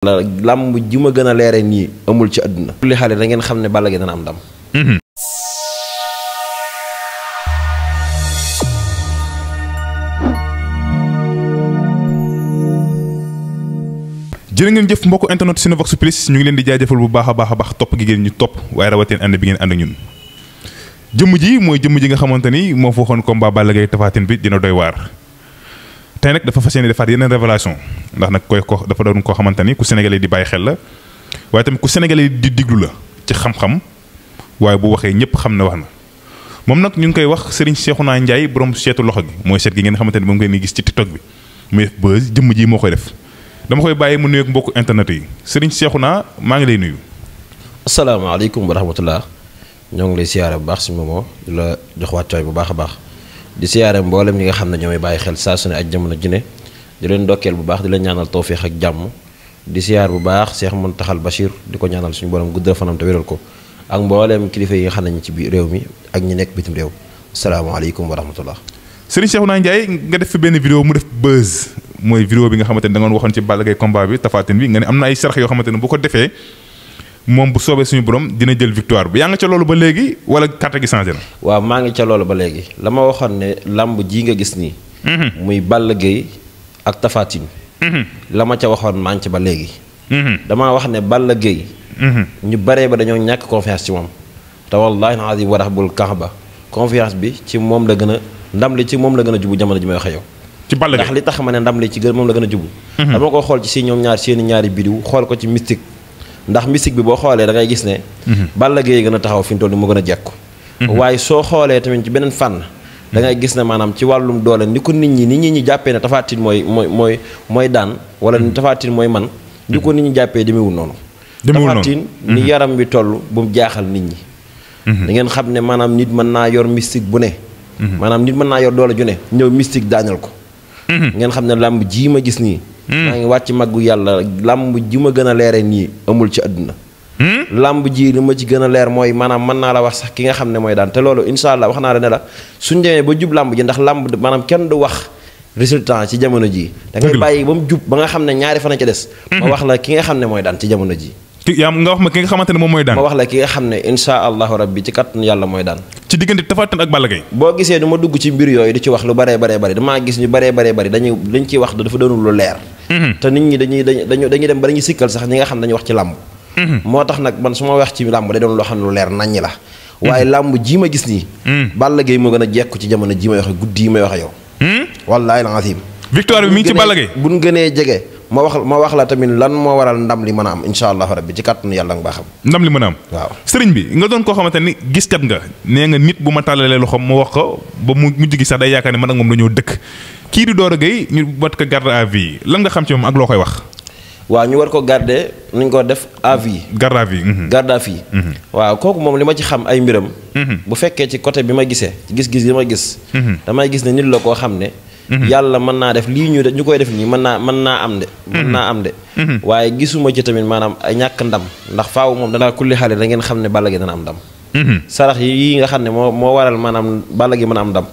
làmb lamb juma gëna léré ni amul ci aduna li xalé da ngeen xamné ne Balla Gaye dana am dam mhm. jërë ngeen jëf mbokk internet Cinevox Plus ñu ngi leen di jaajëfal bu baaxa baaxa baax top gi ngeen ñu top way rawateen ànd bi ngeen and ak ñun jëm ji moy jëm ji nga xamanteni mo fu xon combat Balla Gaye Tapha bi dina doy war tey nag dafa fas yéene defaat yeneen révélation ndax nag koy ko dafa doon ko xamante ni ku sénégalais di bàyyi xel la waaye tamit ku sénégalais di diglu la ci xam-xam waaye bu waxee ñëpp xam ne wax na moom nag ñu ngi koy wax Serigne naa Ndiaye borom seetu loxo gi mooy seet gi ngeen xamante ni moom ngeen di gis ci TikTok bi muy def buzz jëmm ji moo koy def dama koy bàyyi mu nuyoog mbokku internet yi Serigne naa maa ngi lay nuyu. asalaamaaleykum wa rahmatullah ñoo ngi lay siyaare bu baax si moomoo la jox wàccuwaay bu baax a baax. di siyaare mboolem ñi nga xam ne ñoomay bàyyi xel saa su ne ak jamono ji ne di leen dokkeel bu baax di leen ñaanal tawféex ak jàmm di siyaar bu baax Cheikh taxal Bachir di ko ñaanal suñu borom guddal fanam te wéral ko ak mbooleem kilifa yi nga xam ne ci biir réew mi ak ñi nekk bitim réew salaamaaleykum wa rahmatullah sëriñ Cheikhouna Ndiaye nga def fi benn vidéo mu def buzz mooy vidéo bi nga xamante ne da ngoon waxoon ci Balla Gaye combat bi Tapha na ay yoo xamante ne bu defee moom bu soobee suñu borom dina jël victoire bi yaa nga ca loolu ba léegi wala carte gi changé na. waa maa ngi ca loolu ba léegi la ma waxoon ne làmb ji nga gis nii. Mhm. muy Balla Gaye ak Tapha mhm. la ma ca waxoon maa ci ba léegi. Mhm. damaa wax ne Balla Gaye ñu baree ba dañoo ñàkk confiance ci moom. te wallaahi naa di war a bul kax ba confiance bi ci moom la gën a ndam li ci moom la gën a jubu jamono ji may wax yow. ci Balla Gaye ndax li tax ma ne ndam li ci gën moom la gën a jubu. dama ko xool ci si ñaari bidiw xool ko ci mystique. ndax mystique bi boo xoolee dangay gis ne. Mhm. Balla Gaye gën a taxaw fi mu toll nii mu gën a jekku. Mhm. waaye soo xoolee tamit ci beneen fànn. dangay ngay gis ne maanaam ci wàllum doole ni ko nit ñi nit ñi ñu jàppee ne Tapha Tine mooy mooy mooy mooy daan. wala ni mhm. Tapha mooy man. ni ko nit ñi jàppee demewul noonu. demewul noonu Tapha Tine ni yaram bi toll bu mu jaaxal nit ñi. da xam ne maanaam nit mën naa yor mystique bu ne. maanaam nit mën naa yor doole ju ne ñëw mystique daaneel ko. ngeen xam ne làmb gis nii. Hmm. maa ngi wàcc màggu yàlla làmb ji ma gën a leere nii amul ci àdduna hmm? làmb ji li ma ci gën a leer mooy maanaam mën naa la wax sax ki nga xam ne mooy daan te loolu insha allah wax naa la ne la suñ demee ba jub làmb ji kenn du wax résultat ci jamono ji da ngay bàyyi ba mu jub ba nga xam ne ñaari fan a ca des hmm. wax la ki nga xam ne mooy daan ci jamono ji yaa nga wax ma ki nga xamante ne moom mooy daan ma wax la ki nga xam ne insha allahu rabbi ci kattan yàlla mooy daan ci diggante Tapha Tine ak Balla Gaye boo gisee du ma dugg ci mbir yooyu di ci wax lu baree baree bëri damaa gis ñu baree bare bëri dañuy dañ ciy wax dafa doonul lu leer Mhm. te nit ñi dañuy dañu dañuy dem ba dañuy sikkal sax ñi nga xam dañuy wax ci lamb motax mhm. nak man suma wax ci lamb day doon lo xam lu leer nañ la mhm. waye lamb ji ma gis ni Balla gay mo gëna jekku ci jamono ji ma wax guddi ma wax yow wallahi alazim victoire bi mi ngi ci Balla Gaye buñ gëne jégué ma wax ma wax la tamit lan mo waral ndam li mëna am inshallah rabbi ci katnu yalla nga baxam ndam li mëna am waaw serigne bi nga doon ko xamanteni gis kat nga ne nga nit bu ma talale lu xam mu wax ko ba mu mujj gi sax day yakane man ak mom dañu dëkk kii di Doro Gueye ñu wat ko garde à vie lan nga xam ci moom ak loo koy wax. waa ñu war ko garder nuñ ko def à vie. garde à vie. Mhm. garde à vie. Mhm. waaw kooku moom li ma ci xam ay mbiram. Mhm. bu fekkee ci côté bi ma gisee gis-gis yi ma gis. damay gis ne nit la koo xam ne. yàlla mën naa def lii ñu ñu koy def nii mën naa mën naa am de. mën naa am de. waaye gisuma ci tamit maanaam ñàkk ndam ndax faaw moom danaa kulli xale da ngeen xam ne Balla gi dana am ndam. sarax nga xam ne moo moo waral maanaam Balla Gaye mën am ndam.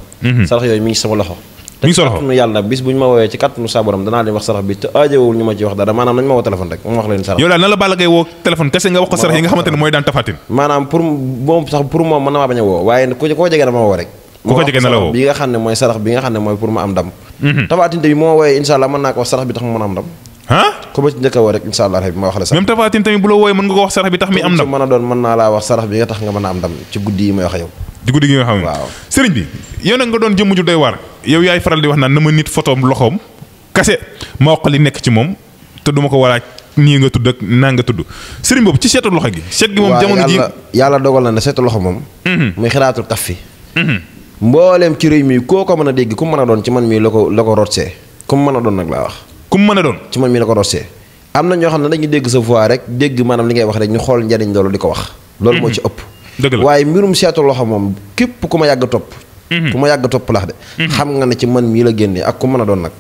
sarax mi sama loxo. mi ngi solo yalla bis buñ ma woowee ci nu sa borom dana leen wax sarax bi te aajowul ñu ma ci wax dara manam nañ ma wo téléphone rek mu wax leen sarax yow daal na la balagay wo téléphone nga wax ko sarax yi nga xamanteni moy daan tafatin manam pour moom sax pour moom man na ma baña a waye waaye ku koo jege na ma rek ku ko jege na la wo bi nga xam moy sarax bi nga xam moy pour ma am dam mhm. tafatin tamit moo wooyee insha allah mën naa ko sarax bi tax ma mën am dam ha ko ba ci njëkk wo rek inshallah rabbi ma wax la sax même tafatin tamit bu lo wooyee man nga ko wax sarax bi tax mi am dam man na doon man na la wax sarax bi nga tax nga mën am dam ci guddii may wax yow di guddi gi nga xam waaw sëriñ bi yow nag nga doon jëmm ju doy faral di wax na nit kase ma wax li nekk ci moom te duma ko waraaj nii nga tudd ak naa nga tudd sëriñ boobu ci seetu loxo gi seet gi moom jamono ji yàlla dogal na ne seetu loxo moom mhm. muy xiraatul taf fi mhm. ci mi ko mën ku mën doon ci man mii la ko la ku mën doon nag laa wax ku doon ci ñoo sa voix rek dégg manam li ngay wax rek ñu xol loolu diko wax loolu mo mhm. ci upp waaye mbirum seetu loxo moom képp ku ma yàgg topp mhm. ku ma yàgg topp lax de mhm. xam nga ne ci man mii la génnee ak ku mën a doon nag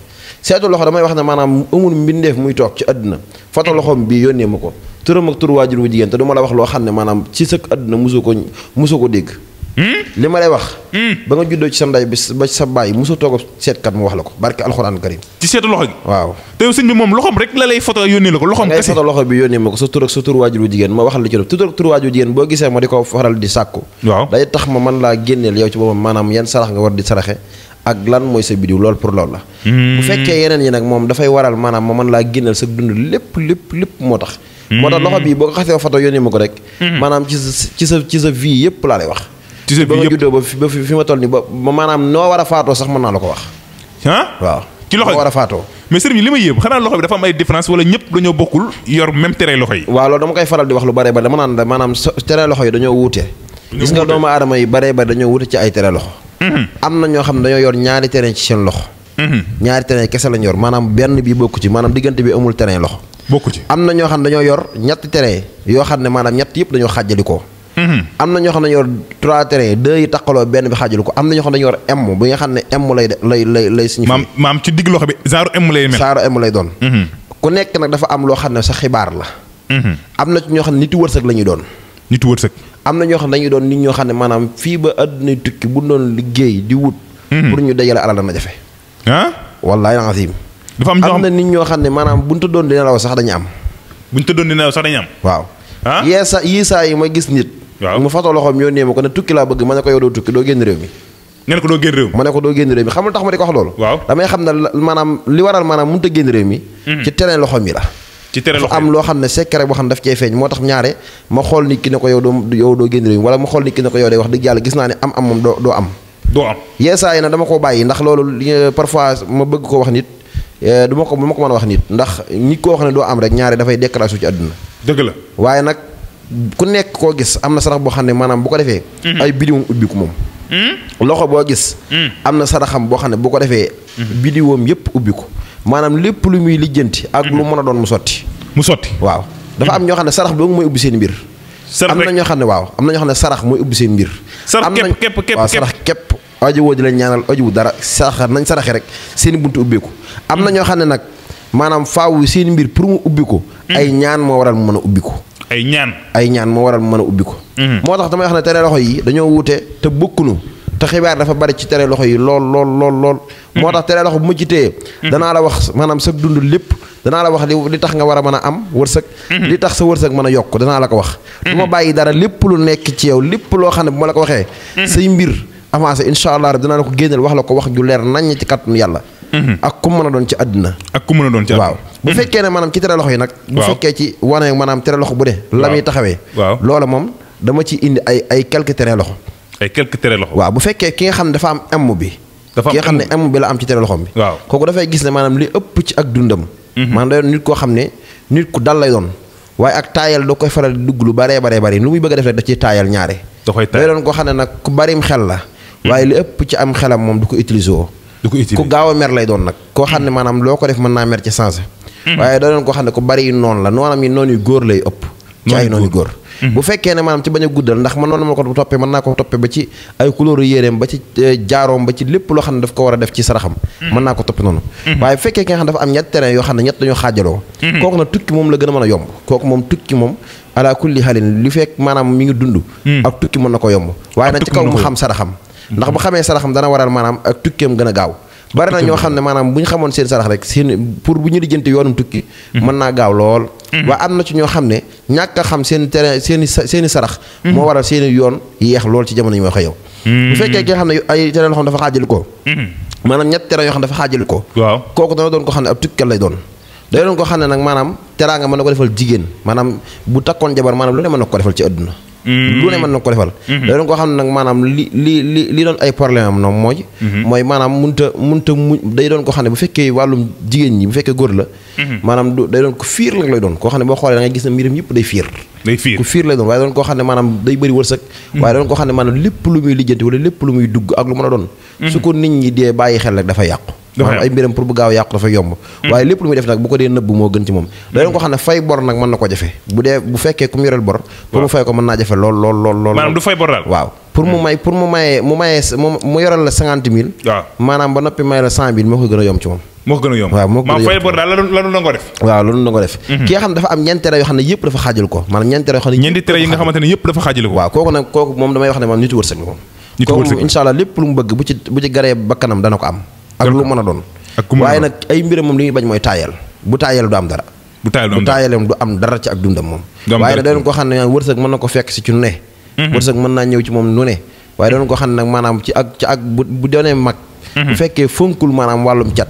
seetu loxo damay wax ne maanaam amul mbindeef muy toog ci àdduna foto loxoom bii yónnee ma ko turam ak tur waajur wu jigéen te du la wax loo xam ne maanaam ci sëkk àdduna musu ko musu ko dégg Hmm? li ma lay wax. Hmm? ba nga juddoo ci sa nday bi sa baay mosoo toog seetkat mu wax la ko barke alxuraan karim. ci seetu loxo gi. waaw te sëñ bi moom loxoom rek la lay foto yónnee la ko. loxoom ma ko sa tur ak sa tur waajuru jigéen ma waxal la ci doon tur ak boo gisee ma di ko faral di sàkku. day tax ma man laa génneel yow ci boppam maanaam yan sarax nga war di saraxe. ak lan mooy sa bidiw loolu pour loolu la. Hmm. bu fekkee yeneen yi nag moom dafay waral maanaam ma mën laa génnal sa dund lépp lépp lépp moo tax. moo tax loxo tise bi yëpp ba ma juddoo ba fi ma toll nii ba maanaam noo war a faatoo sax mën naa la ko wax. waaw. ci loxo war a faatoo. mais sëriñ bi li ma yéem xanaa loxo bi dafa am ay différence wala ñëpp dañoo bokkul yor même tere loxo yi. waaw loolu dama koy faral di wax lu bare ba dama naan la maanaam tere loxo yi dañoo wuute. gis nga bare dañoo wuute ci ay tere loxo. Mhm. am na ñoo xam ne dañoo yor ñaari tere ci seen loxo. Mhm. ñaari tere kese lañ yor maanaam benn bii bokk ci maanaam diggante bi amul tere loxo. bokku ci am na ñoo xam ne dañoo yor ñetti tere yoo xam ne maanaam ñett yëpp dañoo xàjjalikoo Mm-hmm. am na ñoo xam ne yor trois terrain deux yi taqaloo benn bi xaajul na ñoo xam la. Mm-hmm. am na ci ñoo xam ne nit yu wërsëg la na ñoo xam ne dañuy doon nit ñoo xam ne maanaam fii ba bu doon mm-hmm. ñoo am na nit ñoo bu ñu tëddoon di nelaw sax dañu am. bu ñu tëddoon di nelaw sax dañu am. waaw. yee sa yii saa yi ma gis nit. waaw ya. mu fatoo loxoom yónnee ma ko ne tukki laa bëgg ma ne ko yow doo tukki doo génn réew mi ne ko doo génn réew mi ma ne ko doo génn réew mi xam lu tax ma di ko wax loolu waaw damay xam ne maanaam li waral maanaam munta a génn réew mi mhm. ci terrain loxoom yi la ci terrain loxo am loo xam ne secret boo xam ne daf cee feeñ moo tax ñaare ma xool nit ki ne ko yow doo yow doo génn réew mi wala ma xool nit ki ne ko yow day wax dëgg yàlla gis naa ne am am moom doo am doo am yeesaa yi nag dama ko bàyyi ndax loolu euh, parfois ma bëgg ko wax nit euh, du ma ko du ma ko mën wax nit ndax nit koo xam ne doo am rek ñaare dafay déclaration ci àdduna dëgg la waaye nag ku nekk koo gis am na sarax boo xam ne maanaam bu ko defee. Mhm. ay bidiwam ubbiku moom. Hmm? loxo boo gis. Hmm. am na saraxam boo xam ne bu ko defee. Hmm. bidiwam yëpp ubbiku maanaam lépp lu muy lijjanti. ak lu mën a doon mu sotti. mu sotti waaw. dafa am ñoo xam ne sarax dong mooy ubbi seen mbir. am na ñoo xam ne waaw am na ñoo xam ne sarax mooy ubbi seen mbir. sarax képp képp képp waaw sarax képp. aji woo di la ñaanal aji wu dara sarax nañ saraxe rek seen buntu ubbeeku am na ñoo xam ne nag maanaam faw seen mbir pour mu ubbi ko ay ñaan moo waral mu mën a ubbi ay ñaan ay ñaan moo waral mu mën a ubbi ko. Mhm. moo tax damay wax ne tere loxo yi dañoo wuute te bokkunu te xibaar dafa bari ci tere loxo yi lool lool lool lool. Mhm. moo tax tere loxo bu ma ci téye. Mhm. danaa la wax maanaam sa dund lépp danaa la wax li li tax nga war a mën a am wërsëg. li tax sa wërsëg mën a yokk danaa la ko wax. du ma bàyyi dara lépp lu nekk ci yow lépp loo xam ne bu ma la ko waxee. say mbir avancé incha allah danaa la ko génneel wax la ko wax ju leer naññ ci kàttanu Mhm. ak ku mën a doon ci àddina ak ku mën doon ci waaw bu mhm. fekkee ne maanaam ci tere loxo yi nag bu fekkee ci wane maanaam tere loxo bu ne la muy taxawee loola moom dama ci indi ay ay quelques tere loxo ay quelques tere loxo waaw bu fekkee ki nga xam ne dafa am emm bi ki nga xam ne emm bi la am ci tere loxoom bi waaw kooku dafay gis ne maanaam li ëpp ci ak dundam mhm. maanaam day nit koo xam ne nit ku dal lay doon waaye ak taayal doo koy faral di dugg lu baree baree bari lu muy bëgg a def rek da ciy taayal ñaare day doon koo xam ne nag ku barim xel la waaye li ëpp ci am xelam moom du ko utiliser woo du ko ku gaaw a mer lay doon nag. koo xam ne maanaam loo ko def mën naa mer ci sens. Hmm. waaye da doon koo xam ne ku bari yu noonu la noonam yi noonu yu góor lay ëpp. ci ay noonu yu góor. Hmm. bu fekkee ne maanaam ci bañ a guddal ndax man noonu ma ko toppee mën naa ko toppee eh, a hmm. noonu waaye fekkee ki nga xam dafa am ñett terrain yoo xam ne ñett dañoo xaajaloo kooku na tukki moom la gën a mën a yomb kooku moom tukki moom ala kulli halin li fekk maanaam mi ngi dund ak tukki ndax bu xamee saraxam dana waral maanaam ak tukkeem gën a gaaw bari na ñoo xam ne maanaam bu ñu xamoon seen sarax rek seen pour bu ñu lijjanti yoonum tukki mm-hmm. mën naa gaaw lool mm-hmm. waaye am na ci ñoo xam ne ñàkk a xam seen tere seen i seen i sarax mm-hmm. moo waral seen i yoon yeex lool ci jamono yi ma wax yow bu fekkee ki xam ne ay terrain yoo xam ne dafa xaajal ko maanaam ñett terrain yoo xam ne dafa xaajal ko waaw kooku dana doon ko xam ne ab doon xam ne maanaam teraanga mën na ko defal jigéen maanaam bu takkoon jabar maanaam lu ne mën na ko defal ci àdduna lu ne mm-hmm. mën na ko defal da doon koo xam ne nag maanaam li li li li doon ay problème am mooy mm-hmm. mooy maanaam munta munta mu day doon koo xam ne bu fekkee wàllum jigéen ñi bu fekkee góor la mm-hmm. maanaam du day doon ko fiir la lay doon koo xam ne boo da ngay gis na mbiram yëpp day fiir day waaye day doon koo xam ne maanaam lépp lu muy lijjanti wala lépp lu muy dugg ak lu mën a doon su ko nit ñi dee bàyyi xel rek dafa yàqu dafa ay mbiram pour bu gaaw yàqu dafa yomb hmm. waaye lépp lu muy def nag bu ko dee nëbb moo gën ci moom a a damay wax ne moom nitu wërsëg moom kooku insha allah lépp lu mu bëgg bu ci bu ci garee bakkanam dana ko am ak lu mën a doon waaye nag ay mbiram moom li ñuy bañ mooy taayal bu taayal du am dara bu taayaleem du am dara ci ak dundam moom waaye nag dañu ko xam ne wërsëg mën na ko fekk si ci nu ne mhm. wërsëg mën naa ñëw ci moom nu ne waaye dañu ko xam ne nag maanaam ci ak ci ak bu doonee mag mhm. bu fekkee fënkul maanaam wàllum cat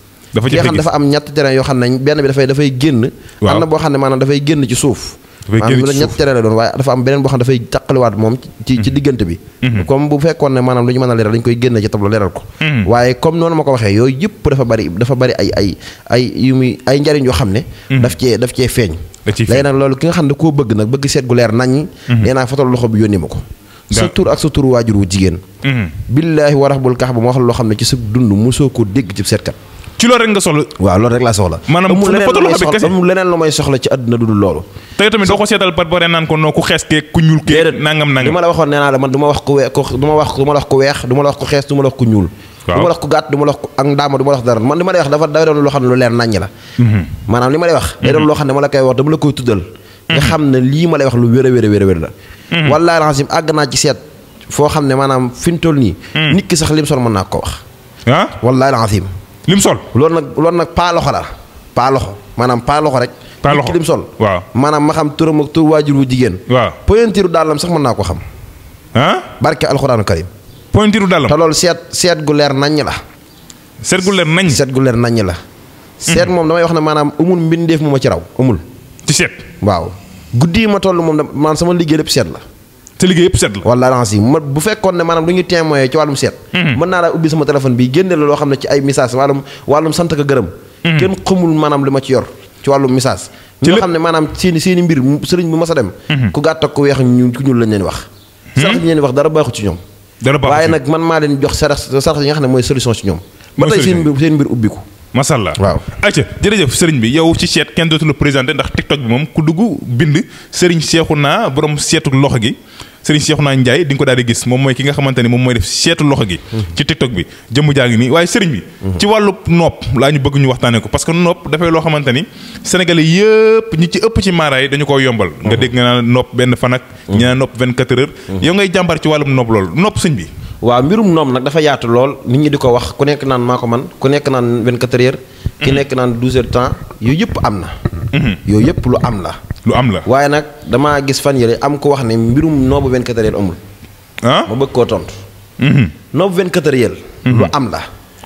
dafa ci xam dafa am ñetti terrain yoo xam ne benn bi dafay dafay génn am na boo xam ne maanaam dafay génn ci suuf maanaam dafay taqaliwaat ci ci mhm. diggante mhm. a leeral dañ koy génn ci ko mhm. waaye comme noonu ma ko waxee yooyu yëpp dafa bari dafa bari ay ay ay yu muy ay njariñ yoo xam ne daf cee daf cee feeñ léegi nag loolu ki nga xam ne koo bëgg nag bëgg seet gu leer nañ nee naa fotal loxo bi yónni ma ko sa ak sa waajur wu jigéen billaahi warax bul kax ba ma wax loo xam ne ci sa dund mosoo ko dégg ci loolu rek nga soxla. waaw loolu rek laa soxla. maanaam leneen lu may soxla ci àdduna du dul loolu. tey tamit doo ko seetal par naan ko noo ku xees kee ku ñuul kee. li ma la waxoon nee naa la man du ma wax ku weex du la wax ku weex du ma la wax ku xees du ma la wax ku ñuul. waaw du ma la wax ku gàtt du ma la wax ak ndaama du la wax dara man li ma lay wax dafa day doon loo xam ne lu leer naññ la. Mhm. maanaam li ma lay wax. day doon mhm. loo xam ne ma la koy wax dama la koy tuddal. nga mhm. xam ne lii ma a wér a wér la. lim sol. loolu nag loolu nag paaloxo la paa maanaam paa rek. paa loxo lim sol. waaw maanaam ma xam turam ak tur waajur wu jigéen. waaw pointiru dàllam sax mën naa ko xam. ah. barke alxuraanu karim. pointiru dàllam te loolu seet seet gu leer naññ la. seet gu leer naññ. seet gu leer naññ la. seet mhm. moom damay wax ne maanaam amul mbindeef mu ma ci raw amul. ci seet. waaw guddi yi ma toll moom maan sama liggéey lépp seet la. te liggéey yëpp seet la wala ansi ma bu fekkoon ne maanaam lu ñu témoin ci wàllum seet hmm. mën naa laa ubbi sama téléphone bi génne la loo xam ne ci ay message wàllum wàllum sant ka gërëm hmm. kenn xamul maanaam li ma ci yor ci wàllum message a dem hmm. ku gàtt ak ku weex ñu wax sarax ñu leen wax dara baaxu ci ñoom waaye nag jox sarax sarax mooy solution ci ñoom ba tey seen mbir seen mbir ubbiku masalla waaw acca jërëjëf sëriñ bi yow ci seet kenn dootu la présenté ndax tiktok bi moom ku dugg bind sëriñ seexu naa borom seetu loxo gi Serigne Cheikhouna Ndiaye di nga ko daal gis mom moy ki nga xamanteni mom moy def setu loxo gi ci TikTok bi jëm jaangi ni waye Serigne bi ci walu nop lañu bëgg ñu waxtane ko parce que nop dafay loo xamante ni sénégalais yépp ñi ci ëpp ci maray dañu ko yombal nga dégg nga nop ben benn fan ak ñi naan nopp 24 heures yow ngay jambar ci walu nop loolu nop serigne bi waaw mbirum noom nag dafa yaatu lol nit ñi diko wax ku nekk naan mako man ku nekk naan 24 heures ki nekk naan 12 heures temps yoyep amna mhm. yoyep lu am la lu am la waaye nag damaa gis fan yére am ko wax ne mbirum noobu 24 heures amul. ah ma bëgg koo tontu. Mhm. noobu 24 heures. Mhm. lu am la.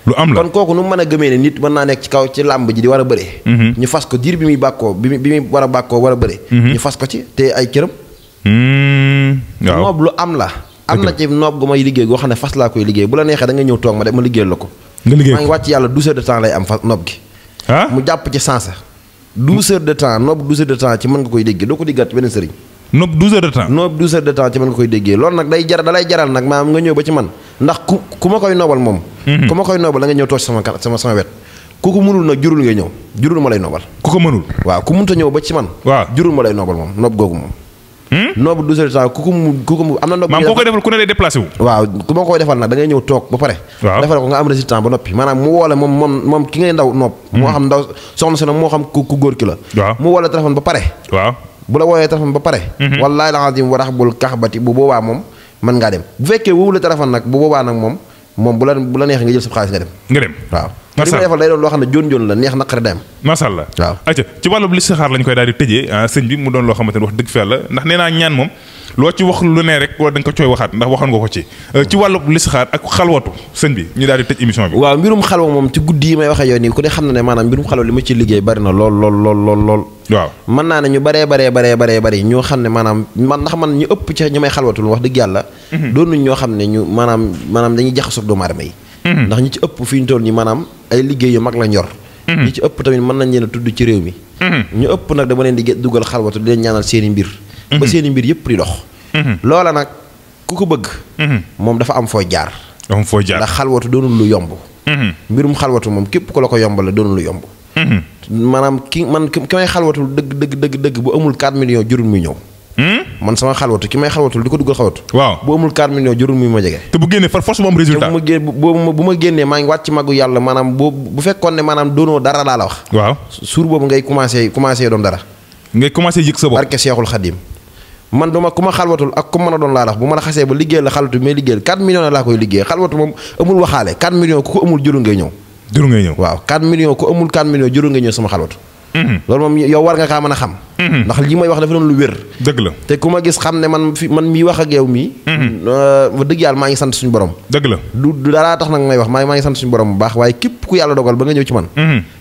lu am la kon kooku nu mën a gëmee nit mën naa nekk ci kaw ci làmb ji di war a bëre. Mhm. ñu fas ko diir bi muy bàkkoo bi muy bi war a bàkkoo war a bëre. ñu fas ko ci te ay këram. Hmm, waaw noob lu am la. am na ci noob gu may liggéey goo xam ne fas laa koy liggéey bu la neexee da ñëw toog ma de ma liggéeyal la ko. nga maa ngi wàcc yàlla douze heures de temps lay am fas noob ah? mu jàpp ci sansa douze heures de temps nopp douze heures de temps ci mën nga koy déggee doo ko diggaat ci beneen sëriñ. nopp douze heures de temps. nopp douze de temps ci mën nga koy déggee loolu nag day jar da jaral nag maam nga ñëw ba ci man ndax ku ku ma koy noobal moom. Mhm. ku ma koy noobal da nga ñëw toog sama sama sama wet. ku ko mënul nag jurul ngay ñëw jurul ma lay noobal. ku ko mënul. waaw ku mënta ñëw ba ci man. waaw jurul ma lay noobal moom nopp googu moom. noobu douze heures de temps ku ko mu ku ko mu am na noobu. maanaam ku ko deful ku ne day déplacé waaw ku ma koy defal nag da ngay ñëw toog ba pare. waaw defal ko nga am résultat ba noppi maanaam mu woole moom moom moom ki ngay ndaw noob. moo hmm. xam ndaw soxna si nag moo xam ku ku góor ki la. waaw mu woole téléphone ba pare. waaw bu la wooyee téléphone ba pare. Hmm. wallaahi la azim warax bul kaxbati bu boobaa moom mën ngaa dem bu fekkee wóobu la téléphone nag bu boobaa nag moom moom bu la bu la neexee nga jël sa xaalis nga dem. li ma defal day doon loo xam ne jon jon la neex naqari dem macha allah waaw acca ci wàllub listixaar lañ koy daal di tëjee ah, sëñ bi mu doon loo xamante loo ci wax lu ne rek wala da nga euh, xam ne maanaam mbirum xalwa li ma ci liggéey bari na lool lool lool lool waaw mën naa ne ñu baree baree baree baree ñoo xam ne maanaam man ndax man ñu ëpp ci ñu may xalwatul wax dëgg yàlla mhm. doonuñ ñoo xam ne ñu maanaam maanaam dañuy jaxasoog doomu aadama yi Hmm. ndax ñi ci ëpp fi ñu toll nii maanaam ay liggéey yu mag la ñor. Hmm. ñi ci ëpp tamit mën nañ leen a tudd ci réew mi. Hmm. ñu ëpp nag dama leen di dugal xalwatu di leen ñaanal seeni mbir. ba seeni mbir yëpp di dox. loola nag ku ko bëgg. moom dafa am fooy jaar. dafa am fooy jaar ndax xalwatu doonul lu yomb. mbirum xalwatu moom képp ku la ko yombal la doonul lu yomb. maanaam ki man ki may xalwatul dëgg dëgg dëgg dëgg bu amul 4 millions jurul mu ñëw. man sama xalwatu ki may xalwatul di ko duggal xalwatu waaw bu amul 4 millions jurul muy ma ne maanaam doonoo dara laa la wax waaw suur boobu ngay commencé commencé doon dara ngay commencé yëg sa bopp barke Seexul Xadim man duma ku ma xalwatul ak a doon laa wax bu ma la xasee ba liggéey la xalwatu mais jurul ngay ñëw waaw 4 millions ku amul 4 millions jurul ngay ñëw sama xalwatu Mhm. loolu moom yow war nga kaa mën a xam mhm. ndax li may wax dafa doon lu wér dëgg la te ku ma gis xam ne man fi man mii wax ak yow mii ma mhm. euh, dëgg yàlla maa ngi sant suñu borom dëgg la du daraa tax nag may wax maa maa ngi sant suñu borom bu baax waaye képp ku yàlla dogal ba nga ñëw ci man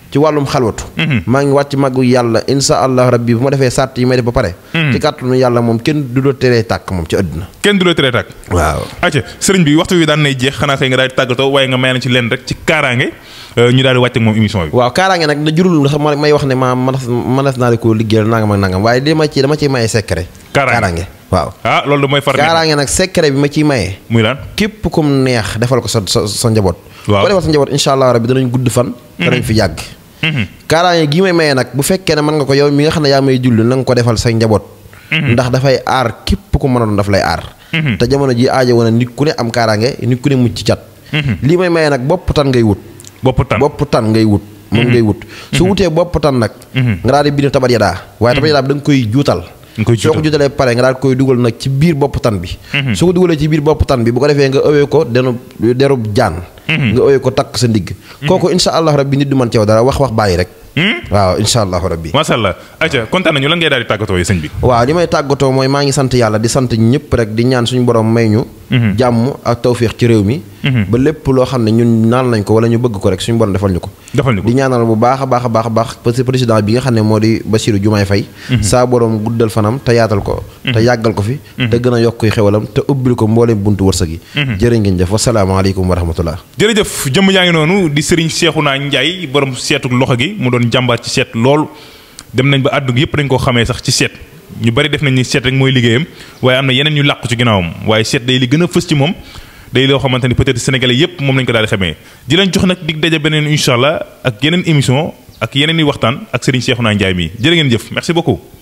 ci wàllum xalwatu mhm. maa ngi wàcc màggu yàlla insha allah rabbi bu ma defee sàrt yi may def ba pare mhm. ci kàttanu yàlla moom kenn du la teree tàkk moom ci àdduna kenn du la teree tàkk waaw acca sëriñ bi waxtu wi daan nay jeex xanaa kay nga daal di tàggatoo waaye nga may ci leen rek ci kaaraange euh, ñu daal di wàcc ak moom émission bi waaw kaaraange nag da jurul na may wax ne ma manas naa di ko liggéeyal nangam ak nangam waaye dama ci dama ciy maye secret ah, mooy far kaaraange nag secret bi ma ciy maye muy lan képp kum neex ko sa sa sa njaboot boo defal sa njaboot incha allah rabbi mhm. danañ mhm. may nag bu fekkee ne mën nga ko yow mi nga xam ne yaa may na ko defal sa njaboot mhm. ndax dafay aar képp ku mën a doon daf lay aar te jamono ji aajo woon nit ku ne am kaaraange nit ku ne mucc cat lii may maye nag bopp tan ngay wut bopp tan bopp tan ngay wut moom su wutee bopp tan nag nga daal di bind tabat yadaa waaye tabat bi da koy juutal soo ko juutalee pare nga daal koy dugal nag ci biir bopp tan bi su ko dugalee ci biir bopp tan bi bu ko defee nga ëwee ko denu derub jaan Mm-hmm. nga ooyee ko takk sa ndigg mm-hmm. kooku insha allah rabbi nit du man ci yow dara wax wax bàyyi rek mm-hmm. waaw insha allahu rabbi macha allah aca kontaan nañu lan ngay daal di tàggatoo yi sëñ bi waaw li may tàggatoo mooy maa ngi sant yàlla di sant ñëpp rek di ñaan suñu borom may ñu jàmm ak tawféex ci réew mi ba lépp loo xam ne ñun naan nañ ko wala ñu bëgg ko rek suñu borom defal ñu ko di ñaanal bu baaxa baaxa baaxa baax parce que président bi nga xam modi moo di Bassirou Diomaye mhm. borom guddal fanam ta yaatal ko mhm. ta yagal ko fi mhm. te gëna yok yokk xewalam te ubbil ko mbolé buntu wërsa gi jërë ngeen jëf alaykum wa rahmatullah jërëjëf jëmm jëm ngi nonu di sëriñ Seexuna ndjay borom setuk loxo gi mu doon jàmbaar ci set lool dem nañ ba àdduna yëpp dañ ko xamé sax ci set ñu bari def nañ ni set rek moy liggéeyam waye amna yenen ñu laq ci ginaawum waye set day li gëna a ci mom day loo xamante ni peut-être sénégalais yëpp moom lañ ko daal di xamee di leen jox nag dig daje beneen incha ak yeneen émission ak yeneen i waxtaan ak Serigne Cheikhouna Ndiaye mi jërë ngeen jëf merci beaucoup